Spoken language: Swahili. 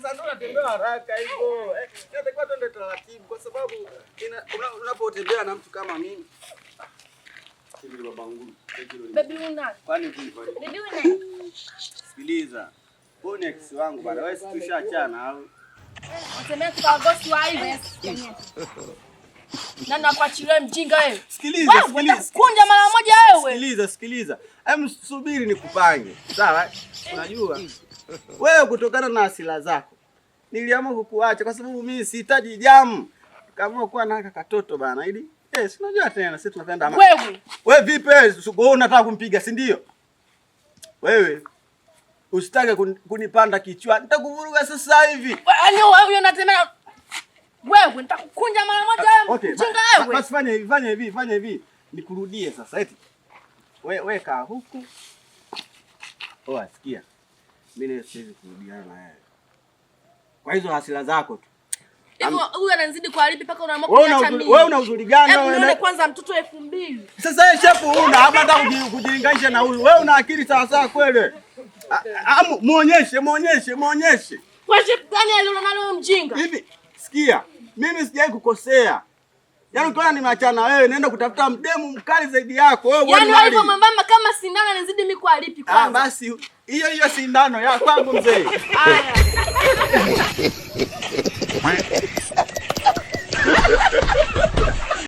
Sasa ndo natembea haraka hivyo. Eh, inatakiwa twende taratibu kwa sababu unapotembea na mtu kama mimi. Sikiliza. Wewe ni ex wangu bana. Wewe tushaachana au? Kunja mara moja wewe. Sikiliza, sikiliza. Hebu subiri nikupange. Sawa? Unajua? Wewe kutokana na asila zako niliamua kukuacha kwa sababu mimi sihitaji jamu. Kaamua kuwa na katoto bana ili eh, si unajua tena sisi tunapenda ama. Wewe wewe vipi wewe unataka kumpiga si ndio? Wewe usitake kunipanda kichwa. Nitakuvuruga sasa hivi. Yaani wewe unatembea wewe nitakukunja mara moja wewe. Okay, mchinga wewe. Basi fanya hivi, fanya hivi, fanya hivi. Nikurudie sasa eti. Wewe weka huku. Oh, asikia mimi siwezi kurudiana na yeye kwa hizo hasira zako tu. Hivyo yaani Huyu ananizidi kwa lipi mpaka unaamua kuniacha mimi? Wewe una uzuri gani? Wewe unaona kwanza mtoto elfu mbili. Sasa yeye shefu hapa hata kujilinganisha na huyu. Wewe una akili sawa sawa kweli? Muonyeshe, muonyeshe, muonyeshe. Kwa shefu gani alionalo mjinga? Hivi sikia, mimi sijai kukosea Yaani ukiona nimeachana wewe naenda kutafuta mdemu mkali zaidi yako. Wewe bwana. Yaani hivyo mwembamba kama sindano anazidi mimi kwa alipi ah, kwanza. Ah, basi hiyo hiyo sindano ya kwangu mzee. Haya.